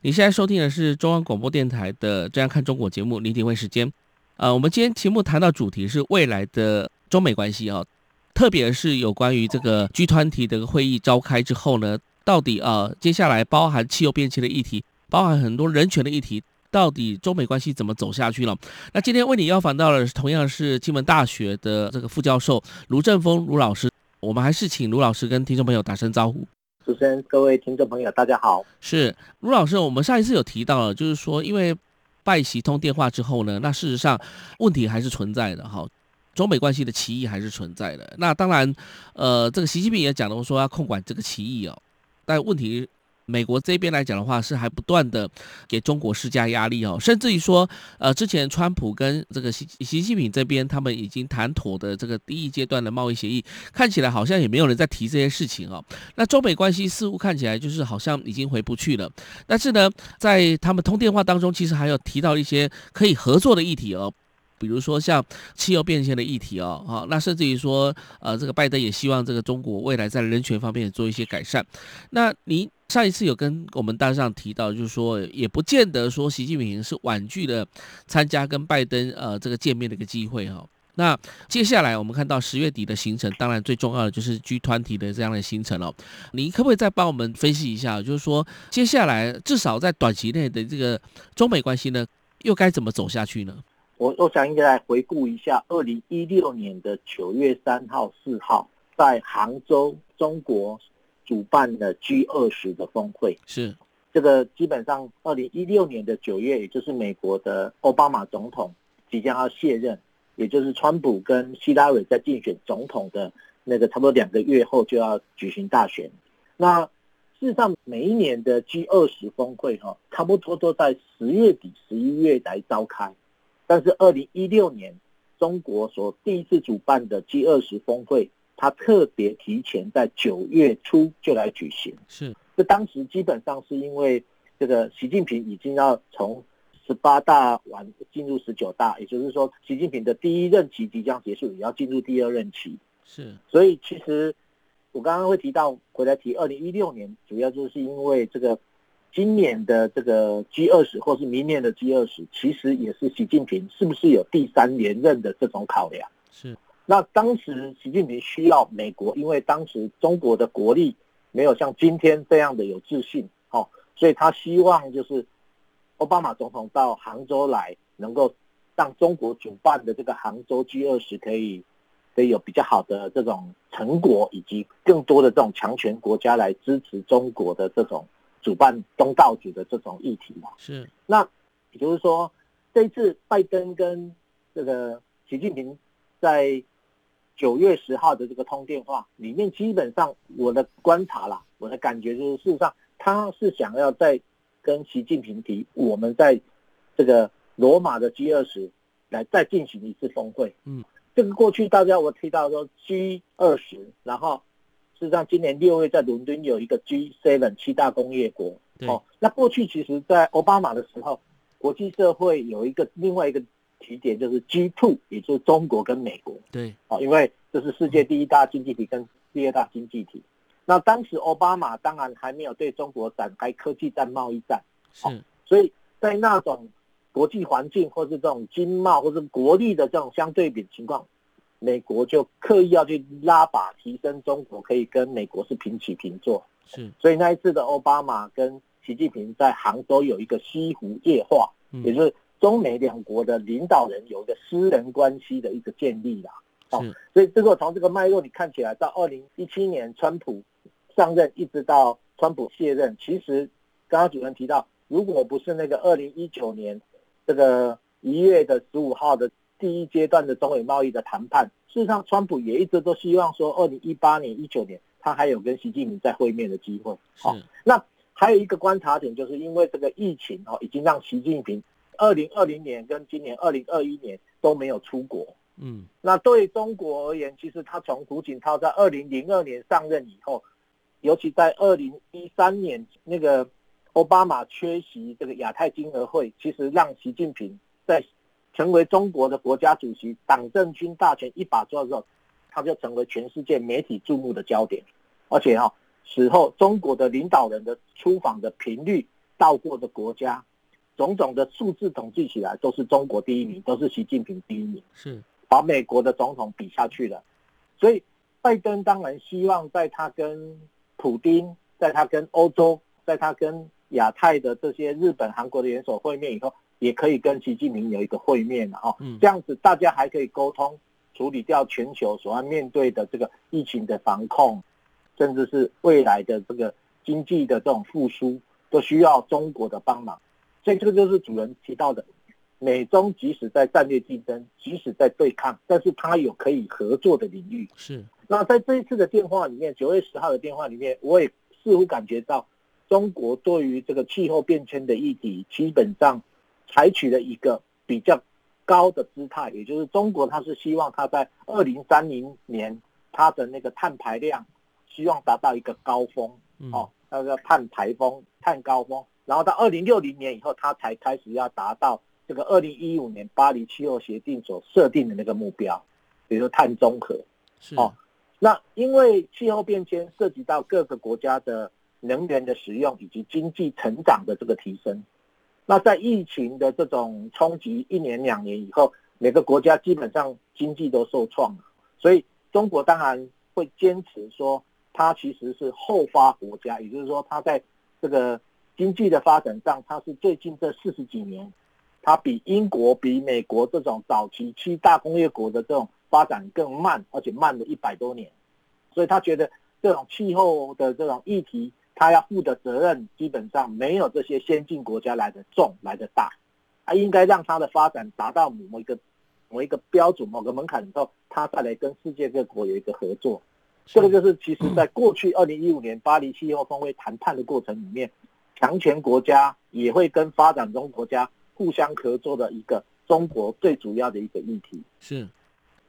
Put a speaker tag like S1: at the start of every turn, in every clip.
S1: 你現在收聽的是中央廣播電臺的《這樣看中國》節目，林廷輝時間。呃，我們今天節目談到主題是未來的中美關係啊，哦，特別是有關於這個 G20 的會議召開之後呢，到底呃接下來包含氣候變遷的議題，包含很多人權的議題，到底中美關係怎麼走下去了？那今天為你邀訪到的同樣是金門大學的這個副教授盧政鋒盧老師，我們還是請盧老師跟聽眾朋友打聲招呼。
S2: 主持人、各位
S1: 聽眾朋友，大家好。是盧老師，我們上一次有提到了，就是說，因為拜習通電話之後呢，那事實上問題還是存在的哈，中美關係的歧義還是存在的。那當然，呃，這個習近平也講了，我說要控管這個歧義哦，但問題。美國這邊來講的話，是還不斷的給中國施加壓力哦，甚至於說，呃，之前川普跟這個習習近平這邊他們已經談妥的這個第一階段的貿易協議，看起來好像也沒有人在提這些事情哦。那中美關係似乎看起來就是好像已經回不去了，但是呢，在他們通電話當中，其實還有提到一些可以合作的議題哦。比如說像氣候變遷的議題哦，好，那甚至於說，呃，這個拜登也希望這個中國未來在人權方面做一些改善。那你上一次有跟我們台上提到，就是說也不見得說習近平是婉拒了參加跟拜登呃這個見面的一個機會哈、哦。那接下來我們看到十月底的行程，當然最重要的就是 G20 的這樣的行程了，哦。你可不可以再幫我們分析一下，就是說接下來至少在短期內的這個中美關係呢，又該怎麼走下去呢？
S2: 我我想應該來回顧一下，二零一六年的九月三號、四號，在杭州，中國主辦的 G 二十的峰會是這個，基本上二零一六年的九月，也就是美國的奧巴馬總統即將要卸任，也就是川普跟希拉里在競選總統的那個差不多兩個月後就要舉行大選。那事實上，每一年的 G 二十峰會哈，差不多都在十月底、十一月來召開。但是2016，二零一六年中國所第一次主辦的 G 二十峰會，它特別提前在九月初就來舉行。是，這當時基本上是因為這個習近平已經要從十八大完進入十九大，也就是說，習近平的第一任期即將結束，也要進入第二任期。是，所以其實我剛剛會提到回來提2016，二零一六年主要就是因為這個。今年的這個 G 二十，或是明年的 G 二十，其實也是習近平是不是有第三連任的這種考量？
S3: 是。
S2: 那當時習近平需要美國，因為當時中國的國力沒有像今天這樣的有自信，哦，所以他希望就是奧巴馬總統到杭州來，能夠讓中國主辦的這個杭州 G 二十可以，可以有比較好的這種成果，以及更多的這種強權國家來支持中國的這種。主辦東道主的這種議題嘛，是那也就是說，這一次拜登跟這個習近平在九月十號的這個通電話裡面，基本上我的觀察啦，我的感覺就是，事實上他是想要再跟習近平提，我們在這個羅馬的 G 二十來再進行一次峰會。
S3: 嗯，
S2: 這個過去大家我提到說 G 二十，然後。事實上，今年六月在倫敦有一個 G7 七大工業國。對哦，那過去其實，在奧巴馬的時候，國際社會有一個另外一個起點，就是 G2，也就是中國跟美國。對，哦，因為這是世界第一大經濟體跟第二大經濟體。那當時奧巴馬當然還沒有對中國展開科技戰、貿易戰。是、哦，所以在那種國際環境，或是這種經貿，或是國力的這種相對比情況。美國就刻意要去拉拔，提升中國可以跟美國是平起平坐，是。所以那一次的奧巴馬跟習近平在杭州有一個西湖夜話，嗯、也就是中美兩國的領導人有一個私人關係的一個建立啦、啊。好是、哦，所以這個從這個脈絡你看起來，到二零一七年川普上任，一直到川普卸任，其實剛剛主持人提到，如果不是那個二零一九年這個一月的十五號的。第一階段的中美貿易的談判，事實上，川普也一直都希望說，二零一八年、一九年，他還有跟習近平再會面的機會。好，那還有一個觀察點，就是因為這個疫情、哦，已經讓習近平二零二零年跟今年二零二一年都沒有出國。嗯，那對中國而言，其實他從胡錦濤在二零零二年上任以後，尤其在二零一三年那個奧巴馬缺席這個亞太經合會，其實讓習近平在。成為中國的國家主席，黨政軍大權一把抓住，他就成為全世界媒體注目的焦點。而且哈、哦，此後中國的領導人的出訪的頻率、到過的國家，種種的數字統計起來，都是中國第一名，都是習近平第一名，
S3: 是
S2: 把美國的總統比下去了。所以，拜登當然希望在他跟普丁，在他跟歐洲，在他跟亞太的這些日本、韓國的元首會面以後。也可以跟習近平有一個會面，然後這樣子大家還可以溝通，處理掉全球所要面對的這個疫情的防控，甚至是未來的這個經濟的這種復蘇，都需要中國的幫忙。所以這個就是主持人提到的，美中即使在戰略競爭，即使在對抗，但是他有可以合作的領域。
S3: 是，
S2: 那在這一次的電話裡面，九月十號的電話裡面，我也似乎感覺到中國對於這個氣候變遷的議題，基本上。採取了一個比較高的姿態，也就是中國，它是希望它在二零三零年它的那個碳排量，希望達到一個高峰，嗯、哦，那個碳排峰、碳高峰，然後到二零六零年以後，它才開始要達到這個二零一五年巴黎氣候協定所設定的那個目標，比如說碳中和，是哦，那因為氣候變遷涉及到各個國家的能源的使用以及經濟成長的這個提升。那在疫情的這種衝擊，一年兩年以後，每個國家基本上經濟都受創。所以中國當然會堅持說，它其實是後發國家，也就是說，它在這個經濟的發展上，它是最近這四十幾年，它比英國、比美國這種早期七大工業國的這種發展更慢，而且慢了一百多年。所以他覺得這種氣候的這種議題。他要負的責任基本上沒有這些先進國家來的重、來的大，他應該讓他的發展達到某一個某一個標準、某個門檻之後，他再來跟世界各國有一個合作。是這個就是其實在過去二零一五年巴黎氣候峰會談判的過程裡面，強權國家也會跟發展中國家互相合作的一個中國最主要的一個議題。
S1: 是，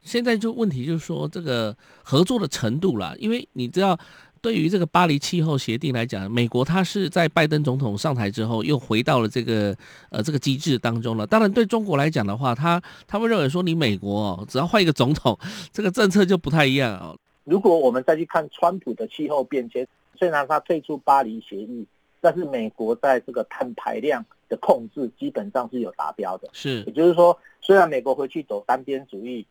S1: 現在就問題就是說這個合作的程度了，因為你知道。對於這個巴黎氣候協定來講，美國它是在拜登總統上台之後又回到了這個呃這個機制當中了。當然，對中國來講的話，他他會認為說，你美國哦，只要換一個總統，這個政策就不太一樣啊、哦。
S2: 如果我們再去看川普的氣候變遷，雖然他退出巴黎協議，但是美國在這個碳排量的控制基本上是有達標的。是，也就是說，雖然美國回去走單邊主義，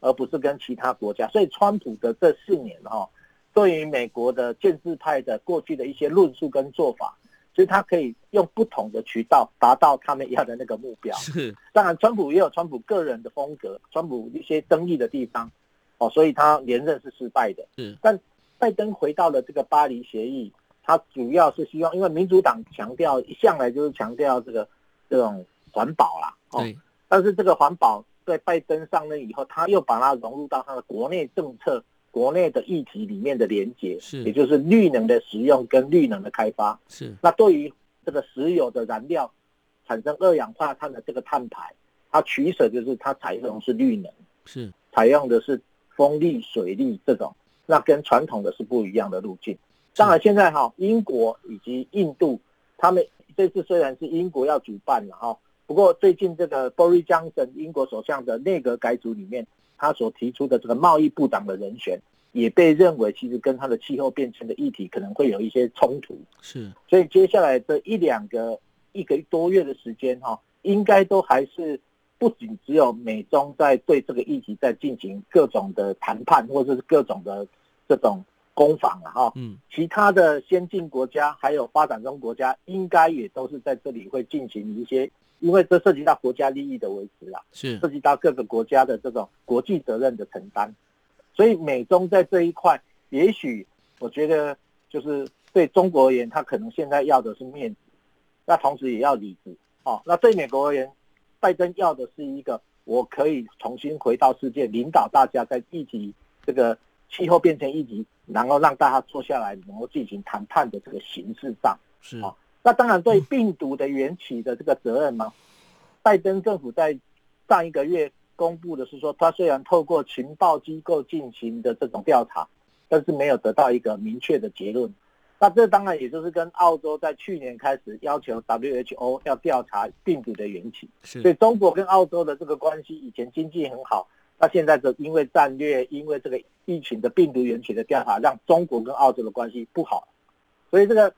S2: 而不是跟其他國家，所以川普的這四年哈、哦。對於美國的建制派的過去的一些論述跟做法，所以他可以用不同的渠道達到他們要的那個目標。當然，川普也有川普個人的風格，川普一些爭議的地方，哦，所以他連任是失敗的。但拜登回到了這個巴黎協議，他主要是希望，因為民主黨強調一向來就是強調這個
S3: 這種環保啦，哦，
S2: 但是這個環保在拜登上任以後，他又把它融入到他的國內政策。國內的議題裡面的連接是，也就是綠能的使用跟綠能的開發是。那對於這個石油的燃料，產生二氧化碳的這個碳排，它取捨就是它採用是綠能
S3: 是，
S2: 採用的是風力、水力這種，那跟傳統的是不一樣的路徑。當然現在哈，英國以及印度，他們這次雖然是英國要主辦了哈，不過最近這個鮑里斯·約翰遜英國首相的內閣改組裡面。他所提出的這個貿易部長的人選也被認為，其實跟他的氣候變遷的議題可能會有一些衝突。是，所以接下來這一兩個一個多月的時間哈，應該都還是不僅只有美中在對這個議題在進行各種的談判或者是各種的這種攻防啊哈，嗯，其他的先進國家還有發展中國家應該也都是在這裡會進行一些。因為這涉及到國家利益的維持啦，是涉及到各個國家的這種國際責任的承擔，所以美中在這一塊，也許我覺得就是對中國而言，他可能現在要的是面子，那同時也要裡子，哦，那對美國而言，拜登要的是一個我可以重新回到世界，領導大家在一起這個氣候變遷議題，然後讓大家坐下來能夠進行談判的這個形式上，是啊。那當然，對病毒的源起的這個責任嘛，拜登政府在上一個月公布的是說，他雖然透過情報機構進行的這種調查，但是沒有得到一個明確的結論。那這當然也就是跟澳洲在去年開始要求 WHO 要調查病毒的源起，所以中國跟澳洲的這個關係以前經濟很好，那現在是因為戰略，因為這個疫情的病毒源起的調查，讓中國跟澳洲的關係不好，所以這個。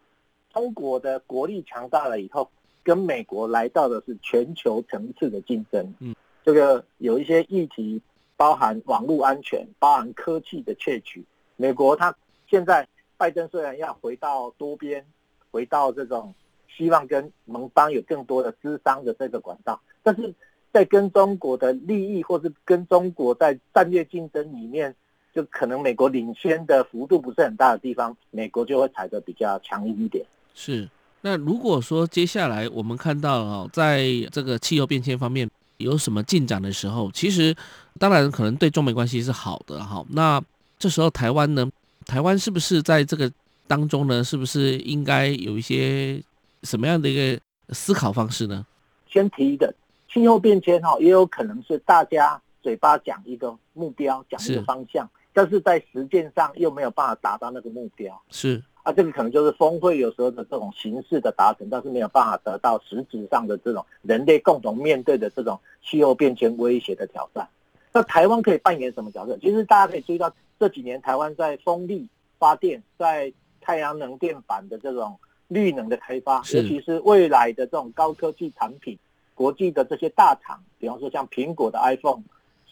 S2: 中國的國力強大了以後，跟美國來到的是全球層次的競爭。嗯，這個有一些議題包含網絡安全，包含科技的竊取。美國他現在拜登雖然要回到多邊，回到這種希望跟盟邦有更多的諮商的這個管道，但是在跟中國的利益或是跟中國在戰略競爭裡面，就可能美國領先的幅度不是很大的地方，美國就會踩的比較強硬一點。
S1: 是，那如果說接下來我們看到啊，在這個氣候變遷方面有什麼進展的時候，其實當然可能對中美關係是好的哈。那這時候台灣呢，台灣是不是在這個當中呢？是不是應該有一些什麼樣的一個思考方式呢？
S2: 先提一個氣候變遷哈，也有可能是大家嘴巴講一個目標，講一個方向，是，但是在實踐上又沒有辦法達到那個目標，是。那、啊、這個可能就是峰會有時候的這種形式的達成，但是沒有辦法得到實質上的這種人類共同面對的這種氣候變遷威脅的挑戰。那台灣可以扮演什麼角色？其實大家可以注意到這幾年台灣在風力發電、在太陽能電板的這種綠能的開發，是尤其是未來的這種高科技產品，國際的這些大廠，比方說像蘋果的 iPhone，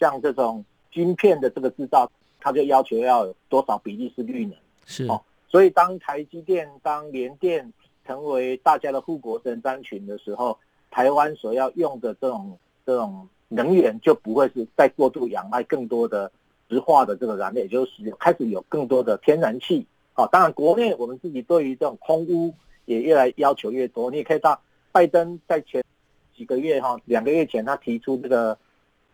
S2: 像這種晶片的這個製造，它就要求要有多少比例是綠能？是。哦所以，當台積電、當聯電成為大家的護國神山群的時候，台灣所要用的這種這種能源就不會是再過度仰賴更多的石化的這個燃料，也就是開始有更多的天然氣。啊，當然，國內我們自己對於這種空污也越來越要求越多。你也可以看到拜登在前幾個月哈，兩個月前他提出這個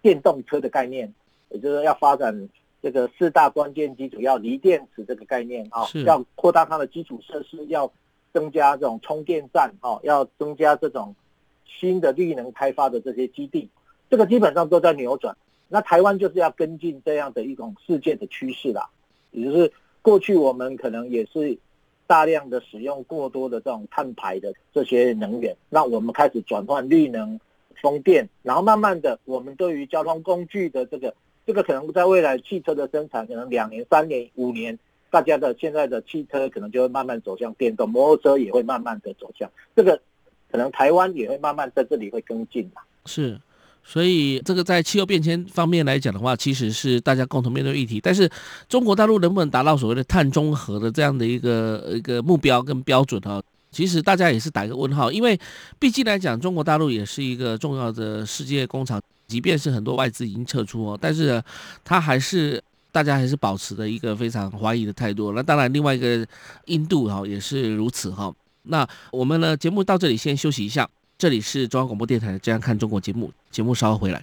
S2: 電動車的概念，也就是要發展。這個四大關鍵基礎要鋰電池這個概念啊，哦、是要擴大它的基礎設施，要增加這種充電站啊、哦，要增加這種新的綠能開發的這些基地，這個基本上都在扭轉。那台灣就是要跟進這樣的一種世界的趨勢啦，也就是過去我們可能也是大量的使用過多的這種碳排的這些能源，那我們開始轉換綠能風電，然後慢慢的我們對於交通工具的這個。這個可能在未來汽車的生產，可能兩年、三年、五年，大家的現在的汽車可能就會慢慢走向電動，摩托車也會慢慢的走向，這個可能台灣也會慢慢在這裡會跟
S1: 進吧？是，所以這個在氣候變遷方面來講的話，其實是大家共同面對議題。但是中國大陸能不能達到所謂的碳中和的這樣的一個一個目標跟標準啊、哦？其實大家也是打一個問號，因為畢竟來講，中國大陸也是一個重要的世界工廠。即便是很多外資已經撤出哦，但是他還是大家還是保持著一個非常懷疑的態度。那當然，另外一個印度哈也是如此哈。那我們呢，節目到這裡先休息一下，這裡是中央廣播電台《這樣看中國》節目，節目稍後回來。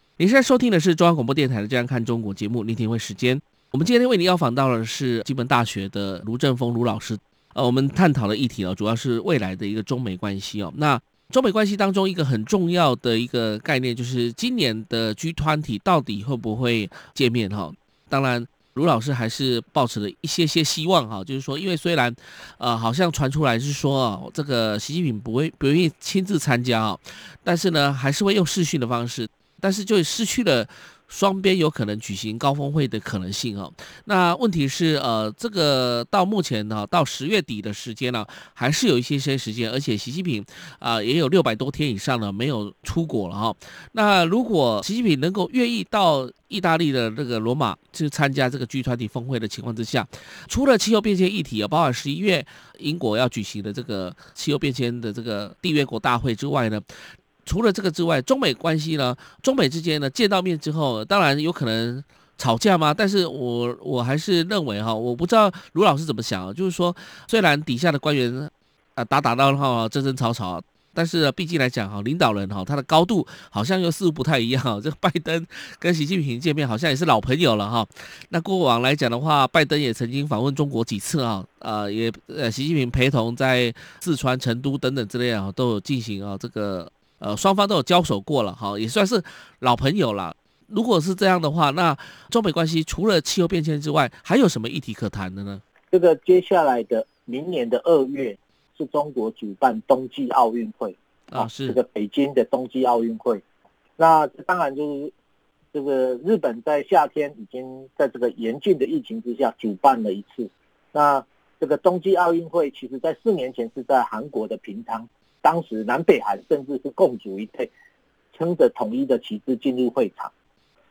S1: 你現在收聽的是中央廣播電台的《這樣看中國》節目，林廷輝時間。我們今天為您要訪到的是金門大學的盧政鋒盧老師。呃，我們探討的議題哦，主要是未來的一個中美關係哦。那中美關係當中一個很重要的一個概念，就是今年的 G20 到底會不會見面哈、哦？當然，盧老師還是抱持了一些些希望哈、哦，就是說，因為雖然呃，好像傳出來是說、哦、這個習近平不會不願意親自參加啊、哦，但是呢，還是會用視訊的方式。但是就失去了雙邊有可能舉行高峰會的可能性啊、哦。那問題是呃、啊，這個到目前呢，到十月底的時間呢、啊，還是有一些些時間，而且習近平啊也有六百多天以上呢沒有出國了哈、哦。那如果習近平能夠願意到意大利的這個羅馬去參加這個 G 團體峰會的情況之下，除了氣候變遷議題啊，包括十一月英國要舉行的這個氣候變遷的這個締約國大會之外呢？除了這個之外，中美關係呢？中美之間呢？見到面之後，當然有可能吵架嗎？但是我我還是認為哈、哦，我不知道盧老師怎麼想啊。就是說，雖然底下的官員啊、呃、打打鬧鬧、爭爭吵吵，但是畢竟來講哈，領導人哈、哦、他的高度好像又似乎不太一樣。這拜登跟習近平見面，好像也是老朋友了哈、哦。那過往來講的話，拜登也曾經訪問中國幾次啊、哦呃，也呃，習近平陪同在四川、成都等等之類啊，都有進行啊、哦、這個。呃，雙方都有交手過了，哈，也算是老朋友了。如果是這樣的話，那中美關係除了氣候變遷之外，還有什麼議題可談的呢？
S2: 這個接下來的明年的二月是中國主辦冬季奧運會
S3: 啊，是這個北
S2: 京的冬季奧運會。那當然就是這個日本在夏天已經在這個嚴峻的疫情之下主辦了一次。那這個冬季奧運會，其實在四年前是在韓國的平昌。當時，南北韓甚至是共組一隊，撐着統一的旗幟進入會場。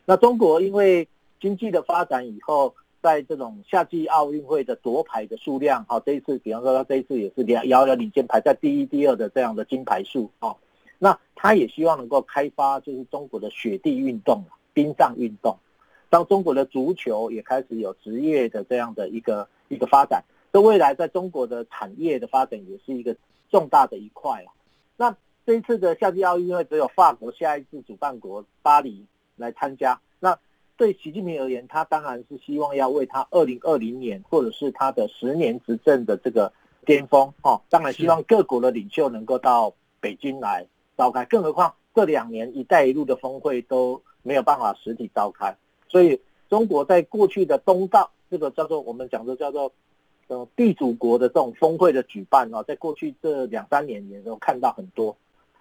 S2: 那中國因為經濟的發展以後，在這種夏季奧運會的奪牌的數量，哈，這一次，比方說他這一次也是遙遙領先排在第一、第二的這樣的金牌數，哈。那他也希望能夠開發就是中國的雪地運動、冰上運動，當中國的足球也開始有職業的這樣的一個一個發展。這未來在中國的產業的發展也是一個。重大的一塊了、啊。那這一次的夏季奧運會只有法國下一次主辦國巴黎來參加。那對習近平而言，他當然是希望要為他二零二零年或者是他的十年執政的這個巔峰哦，當然希望各國的領袖能夠到北京來召開。是更何況這兩年“一帶一路”的峰會都沒有辦法實體召開，所以中國在過去的東道這個叫做我們講的叫做。呃，地主國的這種峰會的舉辦啊，在過去這兩三年也都看到很多。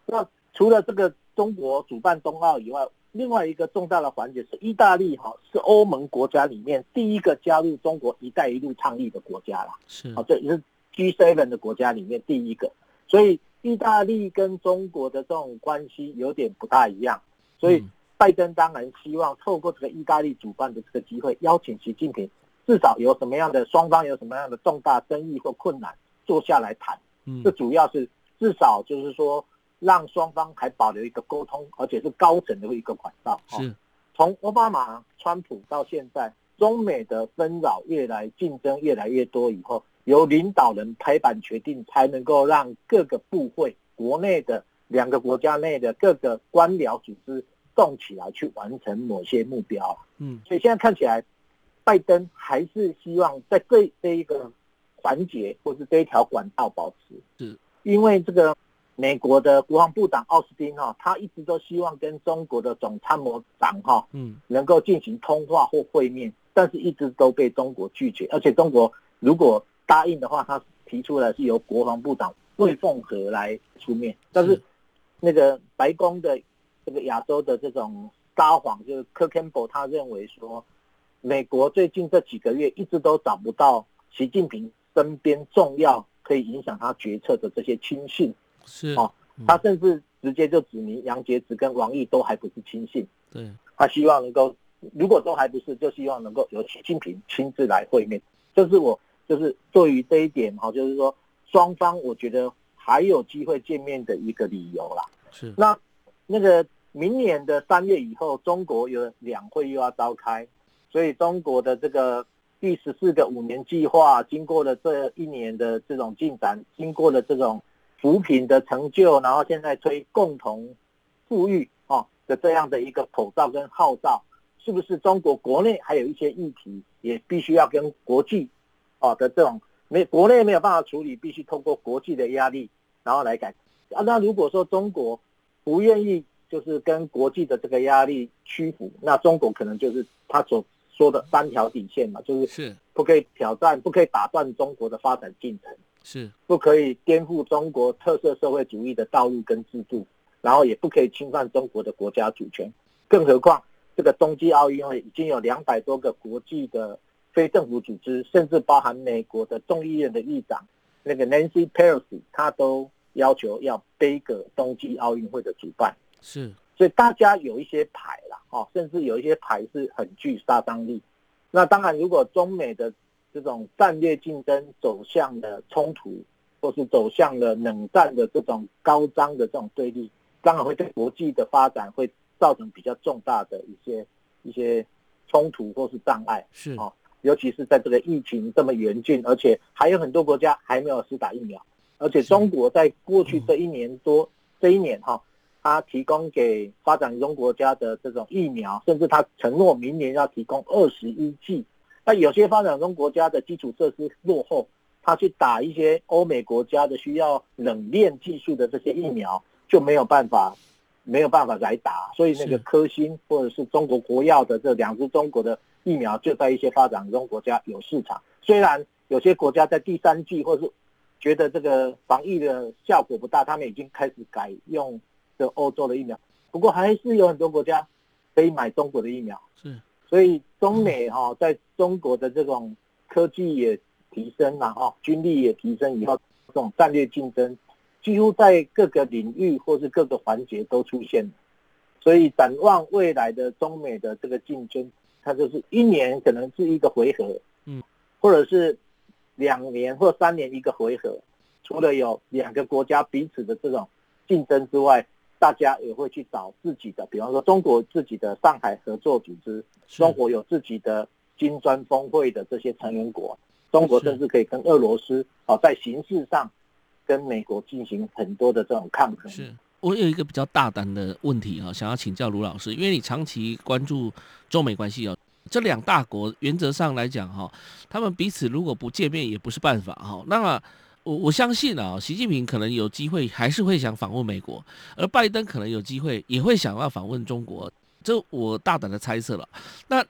S2: 那除了這個中國主辦冬奧以外，另外一個重大的環節是意大利哈，是歐盟國家裡面第一個加入中國“一帶一路”倡議的國家啦。是啊，這也是 G7 的國家裡面第一個。所以意大利跟中國的這種關係有點不大一樣，所以拜登當然希望透過這個意大利主辦的這個機會，邀請習近平。至少有什麼樣的雙方有什麼樣的重大爭議或困難，坐下來談。嗯，這主要是至少就是說，讓雙方還保留一個溝通，而且是高層的一個管道。哦，是，從奧巴馬、川普到現在，中美的紛擾越來競爭越來越多以後，由領導人拍板決定，才能夠讓各個部會國內的兩個國家內的各個官僚組織動起來去完成某些目標。嗯，所以現在看起來，拜登還是希望在這這一個環節或是這一條管道保持，是因為這個美國的國防部長奧斯汀哈，他一直都希望跟中國的總參謀長哈，嗯，能夠進行通話或會面，但是一直都被中國拒絕。而且中國如果答應的話，他提出來是由國防部長魏鳳和來出面，是，但是那個白宮的這個亞洲的這種撒謊，就是 Kurt Campbell，他認為說。美國最近這幾個月一直都找不到習近平身邊重要，可以影響他決策的這些親信，
S3: 是啊、哦，
S2: 他甚至直接就指明楊潔篪跟王毅都還不是親信，嗯對。他希望能夠如果都還不是，就希望能夠由習近平親自來會面。就是我就是對於這一點哈，就是說雙方我覺得還有機會見面的一個理由啦。是。那那個明年的三月以後，中國有兩會又要召開。所以中國的這個第十四個五年計劃，經過了這一年的這種進展，經過了這種扶貧的成就，然後現在推共同富裕啊的這樣的一個口號跟號召，是不是中國國內還有一些議題也必須要跟國際，哦的這種沒國內沒有辦法處理，必須通過國際的壓力然後來改啊？那如果說中國不願意就是跟國際的這個壓力屈服，那中國可能就是他所。說的三條底線嘛，就是是不可以挑戰，是不可以打斷中國的發展進程，
S3: 是
S2: 不可以顛覆中國特色社會主義的道路跟制度，然後也不可以侵犯中國的國家主權。更何況，這個冬季奧運會已經有兩百多個國際的非政府組織，甚至包含美國的眾議院的議長那個 Nancy Pelosi，他都要求要杯葛冬季奧運會的主辦是。所以大家有一些牌啦，哈，甚至有一些牌是很具殺傷力。那當然，如果中美的這種戰略競爭走向了衝突，或是走向了冷戰的這種高漲的這種對立，當然會對國際的發展會造成比較重大的一些一些衝突或是障礙，是啊。尤其是在這個疫情這麼嚴峻，而且還有很多國家還沒有施打疫苗，而且中國在過去這一年多、嗯、這一年，哈。他提供給發展中國家的這種疫苗，甚至他承諾明年要提供二十一劑。那有些發展中國家的基礎設施落後，他去打一些歐美國家的需要冷鏈技術的這些疫苗就沒有辦法，沒有辦法來打。所以那個科興或者是中國國藥的這兩支中國的疫苗就在一些發展中國家有市場。雖然有些國家在第三季或者是覺得這個防疫的效果不大，他們已經開始改用的歐洲的疫苗，不過還是有很多國家可以買中國的疫苗，
S3: 是，
S2: 所以中美哈，在中國的這種科技也提升了哈，軍力也提升以後，這種戰略競爭幾乎在各個領域或是各個環節都出現了，所以展望未來的中美的這個競爭，它就是一年可能是一個回合，嗯，或者是兩年或三年一個回合，除了有兩個國家彼此的這種競爭之外，大家也會去找自己的，比方說中國自己的上海合作組織，是中國有自己的金磚峰會的這些成員國，中國甚至可以跟俄羅斯哦在形式上跟美國進行很多的這種抗衡。是
S1: 我有一個比較大膽的問題哈，想要請教盧老師，因為你長期關注中美關係哦，這兩大國原則上來講哈，他們彼此如果不見面也不是辦法哈，那麼。我我相信啊，習近平可能有機會還是會想訪問美國，而拜登可能有機會也會想要訪問中國，這我大膽的猜測了。那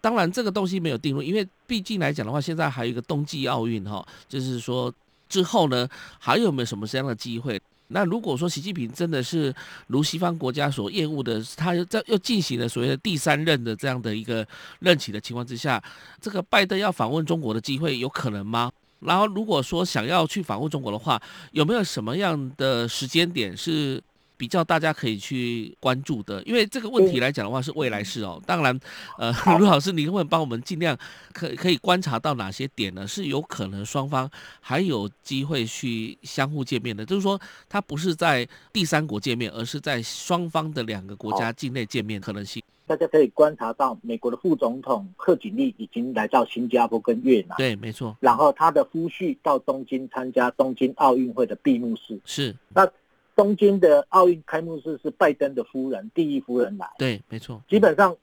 S1: 當然這個東西沒有定論，因為畢竟來講的話，現在還有一個冬季奧運哈，就是說之後呢還有沒有什麼這樣的機會？那如果說習近平真的是如西方國家所厭惡的，他又在又進行了所謂的第三任的這樣的一個任期的情況之下，這個拜登要訪問中國的機會有可能嗎？然後，如果說想要去訪問中國的話，有沒有什麼樣的時間點是比較大家可以去關注的？因為這個問題來講的話是未來事哦。當然，呃，盧老師，您會幫我們儘量可可以觀察到哪些點呢？是有可能雙方還有機會去相互見面的？就是說，他不是在第三國見面，而是在雙方的兩個國家境內見面可能性。
S2: 大家可以觀察到，美國的副總統賀錦麗已經來到新加坡跟越南，
S1: 對，沒錯。
S2: 然後他的夫婿到東京參加東京奧運會的閉幕式，是。那東京的奧運開幕式是拜登的夫人，第一夫人來，
S3: 對，沒錯。
S2: 基本上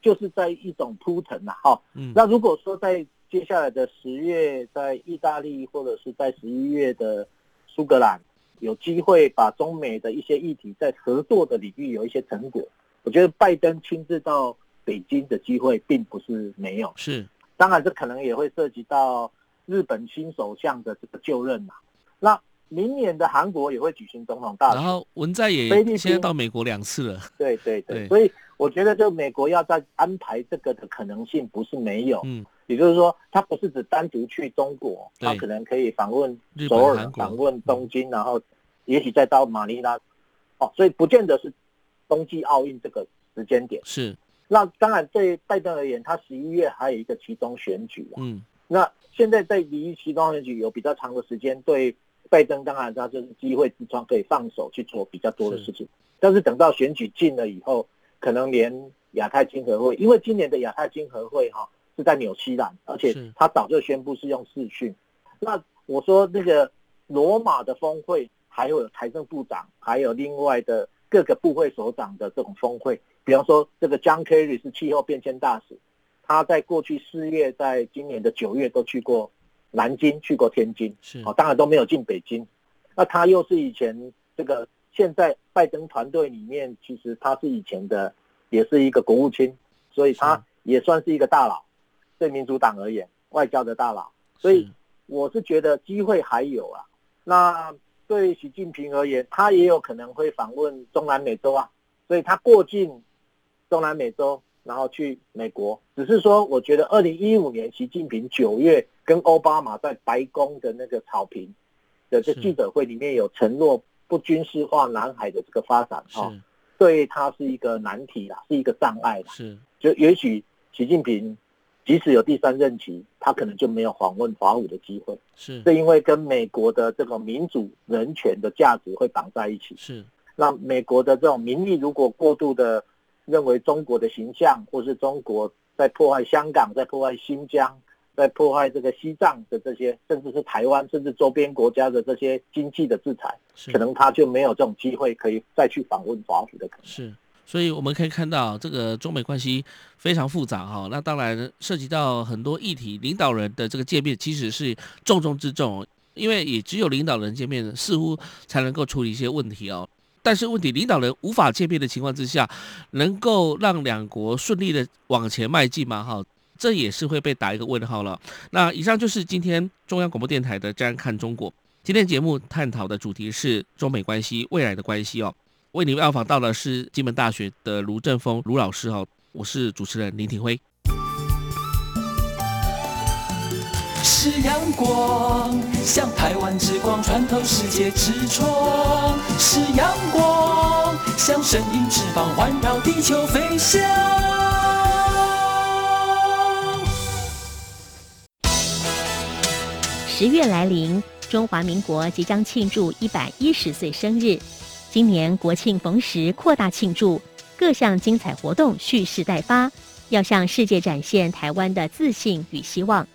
S2: 就是在一種鋪陳啊，哈、嗯，那如果說在接下來的十月，在意大利或者是在十一月的蘇格蘭，有機會把中美的一些議題在合作的領域有一些成果。我覺得拜登親自到北京的機會並不是沒有，是，當然這可能也會涉及到日本新首相的這個就任嘛。那明年的韓國也會舉行總統大選，然
S1: 後文在寅現在到美國兩次了。對
S2: 對對，對，所以我覺得就美國要再安排這個的可能性不是沒有。嗯，也就是說他不是只單獨去中國，嗯、他可能可以訪問
S3: 首爾、日本訪
S2: 問東京，然後也許再到馬尼拉。哦，所以不見得是。冬季奧運這個時間點是，那當然對拜登而言，他十一月還有一個期中選舉、啊、嗯，那現在在離期中選舉有比較長的時間，對拜登當然他就是機會之窗，可以放手去做比較多的事情。是，但是等到選舉進了以後，可能連亞太經合會，因為今年的亞太經合會哈、哦、是在紐西蘭，而且他早就宣布是用視訊。是，那我說那個羅馬的峰會還有財政部長，還有另外的。各個部會首長的這種峰會，比方說這個江凱瑞是氣候變遷大使，他在過去四月，在今年的九月都去過南京，去過天津，是、哦、當然都沒有進北京。那他又是以前這個，現在拜登團隊裡面，其實他是以前的，也是一個國務卿，所以他也算是一個大佬，是對民主黨而言，外交的大佬。所以我是覺得機會還有啊。那。對習近平而言，他也有可能會訪問中南美洲啊，所以他過境中南美洲，然後去美國。只是說，我覺得二零一五年習近平九月跟奧巴馬在白宮的那個草坪的這個記者會裡面有承諾不軍事化南海的這個發展啊是、哦，對他是一個難題啦，是一個障礙啦。是就也許習近平。即使有第三任期，他可能就沒有訪問華府的機會，
S3: 是，是因
S2: 為跟美國的這個民主人權的價值會綁在一起，
S3: 是。
S2: 那美國的這種民意如果過度的認為中國的形象，或是中國在破壞香港、在破壞新疆、在破壞這個西藏的這些，甚至是台灣，甚至周邊國家的這些經濟的制裁，是，可能他就沒有這種機會可以再去訪問華府的可能，
S3: 是。
S1: 所以我們可以看到，這個中美關係非常複雜哈、哦。那當然涉及到很多議題，領導人的這個見面其實是重中之重，因為也只有領導人見面，似乎才能夠處理一些問題哦。但是問題，領導人無法見面的情況之下，能夠讓兩國順利的往前邁進嗎？哈、哦，這也是會被打一個問號了。那以上就是今天中央廣播電台的《這樣看中國》。今天節目探討的主題是中美關係未來的關係哦。為您要訪到的是金門大學的盧政鋒盧老師，好，我是主持人林廷輝。
S2: 是。是陽光，像台灣之光穿透世界之窗；是陽光，像神鷹翅膀環繞地球飛翔。
S4: 十月來臨，中華民國即將慶祝一百一十歲生日。今年國慶逢時，擴大慶祝，各項精彩活動蓄勢待發，要向世界展現台灣的自信與希望。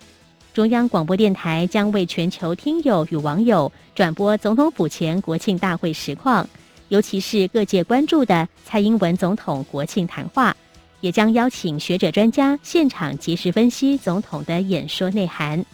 S4: 中央廣播電台將為全球聽友與網友轉播總統府前國慶大會實況，尤其是各界關注的蔡英文總統國慶談話，也將邀請學者專家現場及時分析總統的演說內涵。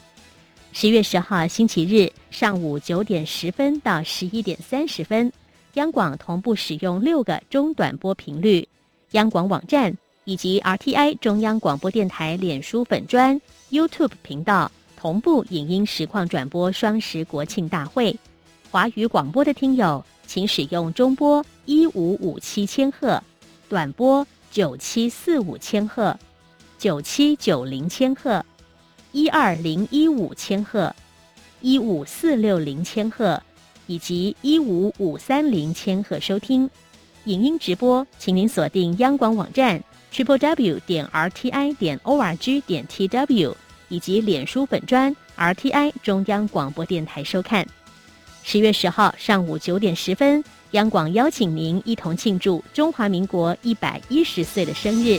S4: 十月十號星期日，上午九點十分到十一點三十分。央廣同步使用六個中短波頻率，央廣網站以及 RTI 中央廣播電台臉書粉專 YouTube 頻道同步影音實況轉播雙十國慶大會。華語廣播的聽友，請使用中波一五五七千赫、短波九七四五千赫、九七九零千赫、一二零一五千赫、一五四六零千赫。以及一五五三零千赫收聽，影音直播，請您鎖定央廣網站 triple w 點 r t i 點 o r g 點 t w 以及臉書粉專 r t i 中央廣播電臺收看。十月十號上午九點十分，央廣邀請您一同慶祝中華民國一百一十歲的生日。